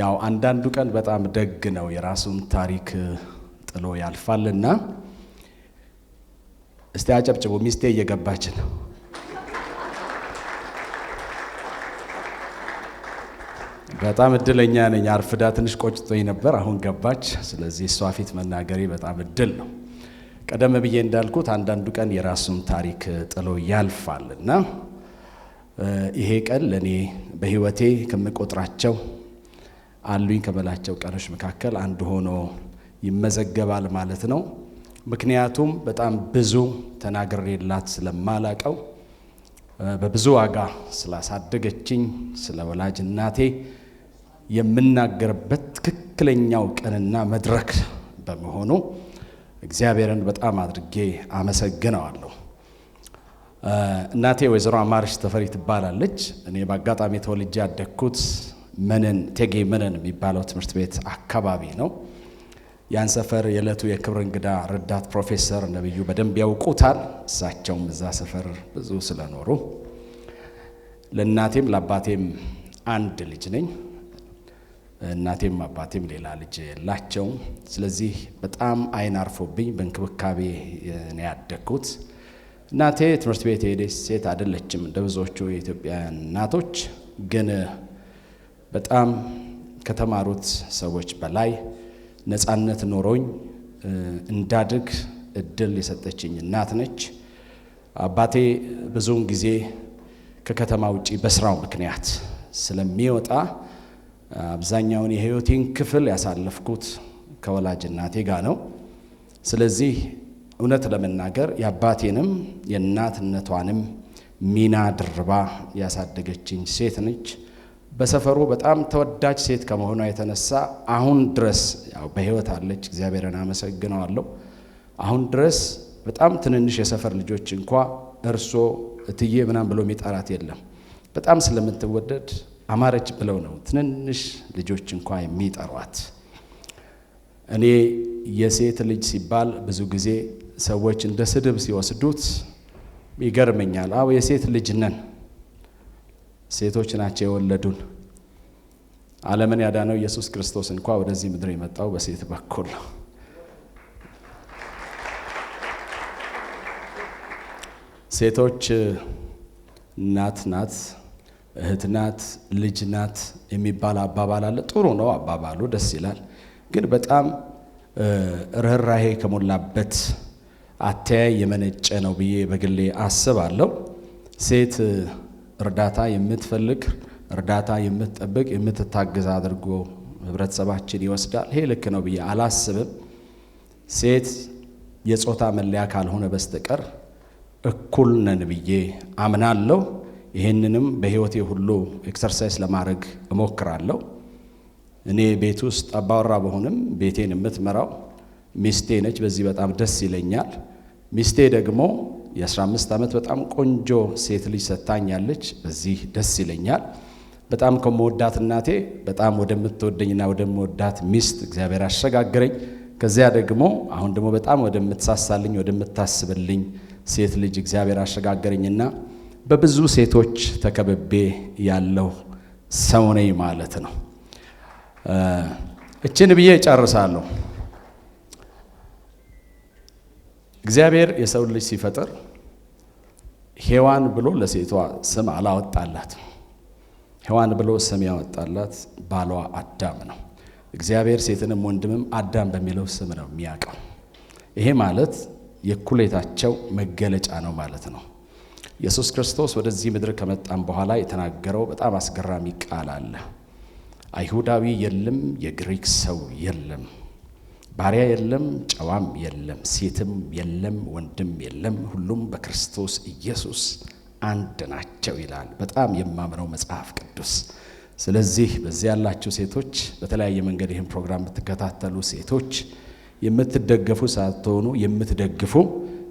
ያው አንዳንዱ ቀን በጣም ደግ ነው፣ የራሱን ታሪክ ጥሎ ያልፋልና እስቲ አጨብጭቡ። ሚስቴ እየገባች ነው። በጣም እድለኛ ነኝ። አርፍዳ ትንሽ ቆጭቶኝ ነበር፣ አሁን ገባች። ስለዚህ እሷ ፊት መናገሬ በጣም እድል ነው። ቀደም ብዬ እንዳልኩት አንዳንዱ ቀን የራሱን ታሪክ ጥሎ ያልፋል እና ይሄ ቀን ለእኔ በህይወቴ ከምቆጥራቸው አሉኝ ከበላቸው ቀኖች መካከል አንዱ ሆኖ ይመዘገባል ማለት ነው። ምክንያቱም በጣም ብዙ ተናግሬላት ስለማላቀው በብዙ ዋጋ ስላሳደገችኝ ስለ ወላጅ እናቴ የምናገርበት ትክክለኛው ቀንና መድረክ በመሆኑ እግዚአብሔርን በጣም አድርጌ አመሰግነዋለሁ። እናቴ ወይዘሮ አማርሽ ተፈሪ ትባላለች። እኔ በአጋጣሚ ተወልጄ ያደግኩት መነን ቴጌ መነን የሚባለው ትምህርት ቤት አካባቢ ነው። ያን ሰፈር የዕለቱ የክብር እንግዳ ረዳት ፕሮፌሰር ነብዩ በደንብ ያውቁታል። እሳቸውም እዛ ሰፈር ብዙ ስለኖሩ ለእናቴም ለአባቴም አንድ ልጅ ነኝ። እናቴም አባቴም ሌላ ልጅ የላቸውም። ስለዚህ በጣም አይን አርፎብኝ በእንክብካቤ ነው ያደግኩት። እናቴ ትምህርት ቤት የሄደች ሴት አይደለችም እንደ ብዙዎቹ የኢትዮጵያ እናቶች ግን በጣም ከተማሩት ሰዎች በላይ ነፃነት ኖሮኝ እንዳድግ እድል የሰጠችኝ እናት ነች። አባቴ ብዙውን ጊዜ ከከተማ ውጪ በስራው ምክንያት ስለሚወጣ አብዛኛውን የህይወቴን ክፍል ያሳለፍኩት ከወላጅ እናቴ ጋር ነው። ስለዚህ እውነት ለመናገር የአባቴንም የእናትነቷንም ሚና ድርባ ያሳደገችኝ ሴት ነች። በሰፈሩ በጣም ተወዳጅ ሴት ከመሆኗ የተነሳ አሁን ድረስ ያው በህይወት አለች፣ እግዚአብሔርን አመሰግነዋለሁ። አሁን ድረስ በጣም ትንንሽ የሰፈር ልጆች እንኳ እርሶ እትዬ ምናም ብሎ የሚጠራት የለም። በጣም ስለምትወደድ አማረች ብለው ነው ትንንሽ ልጆች እንኳ የሚጠሯት። እኔ የሴት ልጅ ሲባል ብዙ ጊዜ ሰዎች እንደ ስድብ ሲወስዱት ይገርመኛል። አዎ የሴት ልጅ ነን ሴቶች ናቸው የወለዱን። ዓለምን ያዳነው ኢየሱስ ክርስቶስ እንኳ ወደዚህ ምድር የመጣው በሴት በኩል ነው። ሴቶች እናት ናት፣ እህት ናት፣ ልጅ ናት የሚባል አባባል አለ። ጥሩ ነው አባባሉ፣ ደስ ይላል። ግን በጣም ርኅራሄ ከሞላበት አተያይ የመነጨ ነው ብዬ በግሌ አስባለሁ። ሴት እርዳታ የምትፈልግ እርዳታ የምትጠብቅ የምትታግዝ አድርጎ ህብረተሰባችን ይወስዳል። ይሄ ልክ ነው ብዬ አላስብም። ሴት የጾታ መለያ ካልሆነ በስተቀር እኩል ነን ብዬ አምናለሁ። ይህንንም በህይወቴ ሁሉ ኤክሰርሳይዝ ለማድረግ እሞክራለሁ። እኔ ቤት ውስጥ አባወራ በሆንም ቤቴን የምትመራው ሚስቴ ነች። በዚህ በጣም ደስ ይለኛል። ሚስቴ ደግሞ የ15 ዓመት በጣም ቆንጆ ሴት ልጅ ሰጥታኛለች። በዚህ ደስ ይለኛል። በጣም ከመወዳት እናቴ በጣም ወደምትወደኝና ወደምወዳት ሚስት እግዚአብሔር አሸጋግረኝ። ከዚያ ደግሞ አሁን ደግሞ በጣም ወደምትሳሳልኝ ወደምታስብልኝ ሴት ልጅ እግዚአብሔር አሸጋገረኝና በብዙ ሴቶች ተከብቤ ያለው ሰው ነኝ ማለት ነው። እችን ብዬ ጨርሳለሁ። እግዚአብሔር የሰው ልጅ ሲፈጥር ሔዋን ብሎ ለሴቷ ስም አላወጣላት። ሔዋን ብሎ ስም ያወጣላት ባሏ አዳም ነው። እግዚአብሔር ሴትንም ወንድምም አዳም በሚለው ስም ነው የሚያውቀው። ይሄ ማለት የእኩሌታቸው መገለጫ ነው ማለት ነው። ኢየሱስ ክርስቶስ ወደዚህ ምድር ከመጣም በኋላ የተናገረው በጣም አስገራሚ ቃል አለ። አይሁዳዊ የለም፣ የግሪክ ሰው የለም ባሪያ የለም፣ ጨዋም የለም፣ ሴትም የለም፣ ወንድም የለም፣ ሁሉም በክርስቶስ ኢየሱስ አንድ ናቸው ይላል። በጣም የማምነው መጽሐፍ ቅዱስ። ስለዚህ በዚህ ያላችሁ ሴቶች፣ በተለያየ መንገድ ይህን ፕሮግራም የምትከታተሉ ሴቶች የምትደገፉ ሳትሆኑ የምትደግፉ፣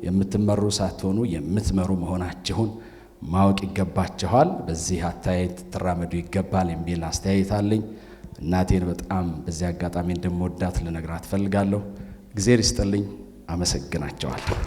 የምትመሩ ሳትሆኑ የምትመሩ መሆናችሁን ማወቅ ይገባችኋል። በዚህ አስተያየት ትራመዱ ይገባል የሚል አስተያየት አለኝ። እናቴን በጣም በዚህ አጋጣሚ እንደምወዳት ልነግራት ፈልጋለሁ። እግዜር ይስጥልኝ። አመሰግናቸዋለሁ።